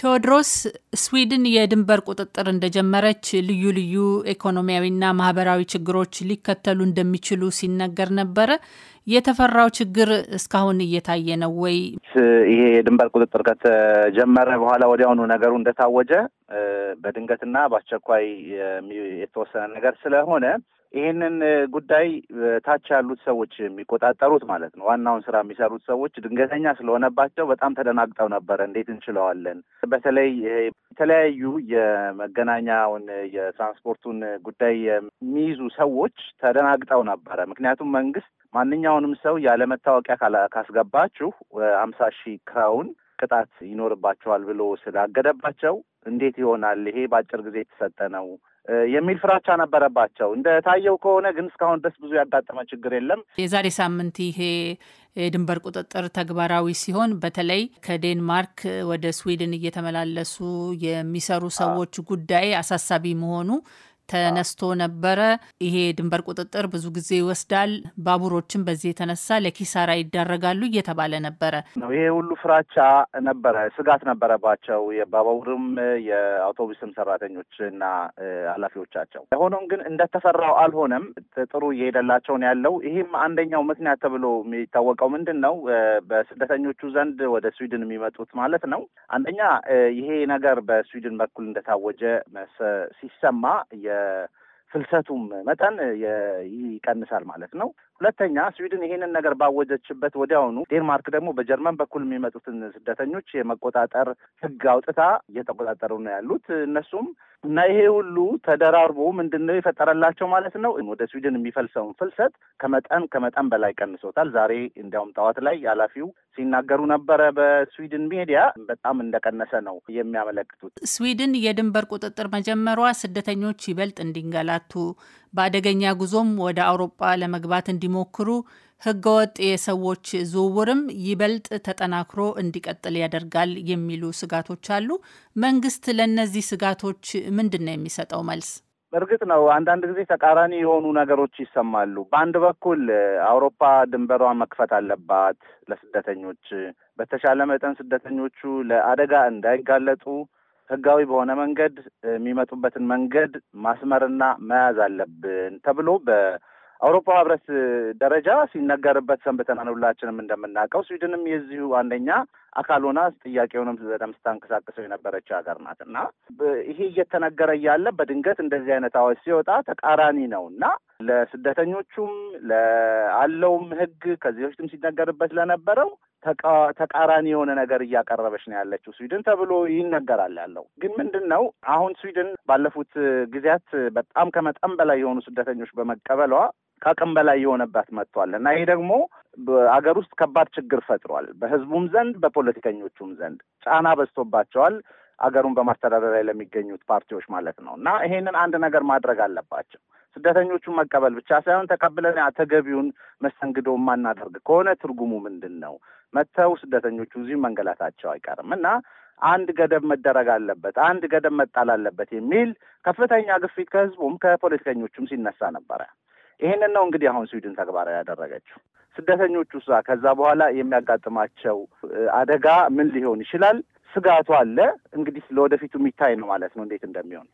ቴዎድሮስ ስዊድን የድንበር ቁጥጥር እንደጀመረች ልዩ ልዩ ኢኮኖሚያዊና ማህበራዊ ችግሮች ሊከተሉ እንደሚችሉ ሲነገር ነበረ። የተፈራው ችግር እስካሁን እየታየ ነው ወይ? ይሄ የድንበር ቁጥጥር ከተጀመረ በኋላ ወዲያውኑ ነገሩ እንደታወጀ በድንገትና በአስቸኳይ የተወሰነ ነገር ስለሆነ ይህንን ጉዳይ ታች ያሉት ሰዎች የሚቆጣጠሩት ማለት ነው፣ ዋናውን ስራ የሚሰሩት ሰዎች ድንገተኛ ስለሆነባቸው በጣም ተደናግጠው ነበረ። እንዴት እንችለዋለን? በተለይ የተለያዩ የመገናኛውን የትራንስፖርቱን ጉዳይ የሚይዙ ሰዎች ተደናግጠው ነበረ። ምክንያቱም መንግስት ማንኛውንም ሰው ያለመታወቂያ ካስገባችሁ አምሳ ሺህ ክራውን ቅጣት ይኖርባቸዋል ብሎ ስላገደባቸው እንዴት ይሆናል? ይሄ በአጭር ጊዜ የተሰጠ ነው የሚል ፍራቻ ነበረባቸው። እንደታየው ከሆነ ግን እስካሁን ድረስ ብዙ ያጋጠመ ችግር የለም። የዛሬ ሳምንት ይሄ የድንበር ቁጥጥር ተግባራዊ ሲሆን በተለይ ከዴንማርክ ወደ ስዊድን እየተመላለሱ የሚሰሩ ሰዎች ጉዳይ አሳሳቢ መሆኑ ተነስቶ ነበረ። ይሄ ድንበር ቁጥጥር ብዙ ጊዜ ይወስዳል፣ ባቡሮችን በዚህ የተነሳ ለኪሳራ ይዳረጋሉ እየተባለ ነበረ። ይሄ ሁሉ ፍራቻ ነበረ፣ ስጋት ነበረባቸው የባቡርም የአውቶቡስም ሰራተኞች እና ኃላፊዎቻቸው። ሆኖም ግን እንደተፈራው አልሆነም፣ ጥሩ እየሄደላቸውን ያለው። ይህም አንደኛው ምክንያት ተብሎ የሚታወቀው ምንድን ነው? በስደተኞቹ ዘንድ ወደ ስዊድን የሚመጡት ማለት ነው። አንደኛ ይሄ ነገር በስዊድን በኩል እንደታወጀ ሲሰማ የፍልሰቱም መጠን ይቀንሳል ማለት ነው። ሁለተኛ ስዊድን ይሄንን ነገር ባወጀችበት ወዲያውኑ ዴንማርክ ደግሞ በጀርመን በኩል የሚመጡትን ስደተኞች የመቆጣጠር ሕግ አውጥታ እየተቆጣጠሩ ነው ያሉት እነሱም እና ይሄ ሁሉ ተደራርቦ ምንድን ነው የፈጠረላቸው ማለት ነው ወደ ስዊድን የሚፈልሰውን ፍልሰት ከመጠን ከመጠን በላይ ቀንሶታል። ዛሬ እንዲያውም ጠዋት ላይ ኃላፊው ሲናገሩ ነበረ። በስዊድን ሚዲያ በጣም እንደቀነሰ ነው የሚያመለክቱት። ስዊድን የድንበር ቁጥጥር መጀመሯ ስደተኞች ይበልጥ እንዲንገላቱ፣ በአደገኛ ጉዞም ወደ አውሮጳ ለመግባት እንዲሞክሩ፣ ህገወጥ የሰዎች ዝውውርም ይበልጥ ተጠናክሮ እንዲቀጥል ያደርጋል የሚሉ ስጋቶች አሉ። መንግስት ለእነዚህ ስጋቶች ምንድን ነው የሚሰጠው መልስ? እርግጥ ነው አንዳንድ ጊዜ ተቃራኒ የሆኑ ነገሮች ይሰማሉ። በአንድ በኩል አውሮፓ ድንበሯ መክፈት አለባት ለስደተኞች በተሻለ መጠን ስደተኞቹ ለአደጋ እንዳይጋለጡ ህጋዊ በሆነ መንገድ የሚመጡበትን መንገድ ማስመርና መያዝ አለብን ተብሎ በ አውሮፓ ህብረት ደረጃ ሲነገርበት ሰንብተናል። ሁላችንም እንደምናውቀው ስዊድንም የዚሁ አንደኛ አካል ሆና ጥያቄውንም በደምብ ስታንቀሳቅሰው የነበረች ሀገር ናት እና ይሄ እየተነገረ እያለ በድንገት እንደዚህ አይነት አዋጅ ሲወጣ ተቃራኒ ነው እና ለስደተኞቹም ለአለውም ህግ ከዚህ በፊትም ሲነገርበት ለነበረው ተቃራኒ የሆነ ነገር እያቀረበች ነው ያለችው ስዊድን ተብሎ ይነገራል ያለው። ግን ምንድን ነው አሁን ስዊድን ባለፉት ጊዜያት በጣም ከመጠን በላይ የሆኑ ስደተኞች በመቀበሏ ከአቅም በላይ የሆነባት መጥቷል እና ይሄ ደግሞ አገር ውስጥ ከባድ ችግር ፈጥሯል። በህዝቡም ዘንድ በፖለቲከኞቹም ዘንድ ጫና በዝቶባቸዋል። አገሩን በማስተዳደር ላይ ለሚገኙት ፓርቲዎች ማለት ነው እና ይሄንን አንድ ነገር ማድረግ አለባቸው። ስደተኞቹን መቀበል ብቻ ሳይሆን ተቀብለን ተገቢውን መስተንግዶ ማናደርግ ከሆነ ትርጉሙ ምንድን ነው? መጥተው ስደተኞቹ እዚህ መንገላታቸው አይቀርም እና አንድ ገደብ መደረግ አለበት፣ አንድ ገደብ መጣል አለበት የሚል ከፍተኛ ግፊት ከህዝቡም ከፖለቲከኞቹም ሲነሳ ነበረ። ይህንን ነው እንግዲህ አሁን ስዊድን ተግባራዊ ያደረገችው። ስደተኞቹ እዛ ከዛ በኋላ የሚያጋጥማቸው አደጋ ምን ሊሆን ይችላል? ስጋቱ አለ። እንግዲህ ለወደፊቱ የሚታይ ነው ማለት ነው እንዴት እንደሚሆን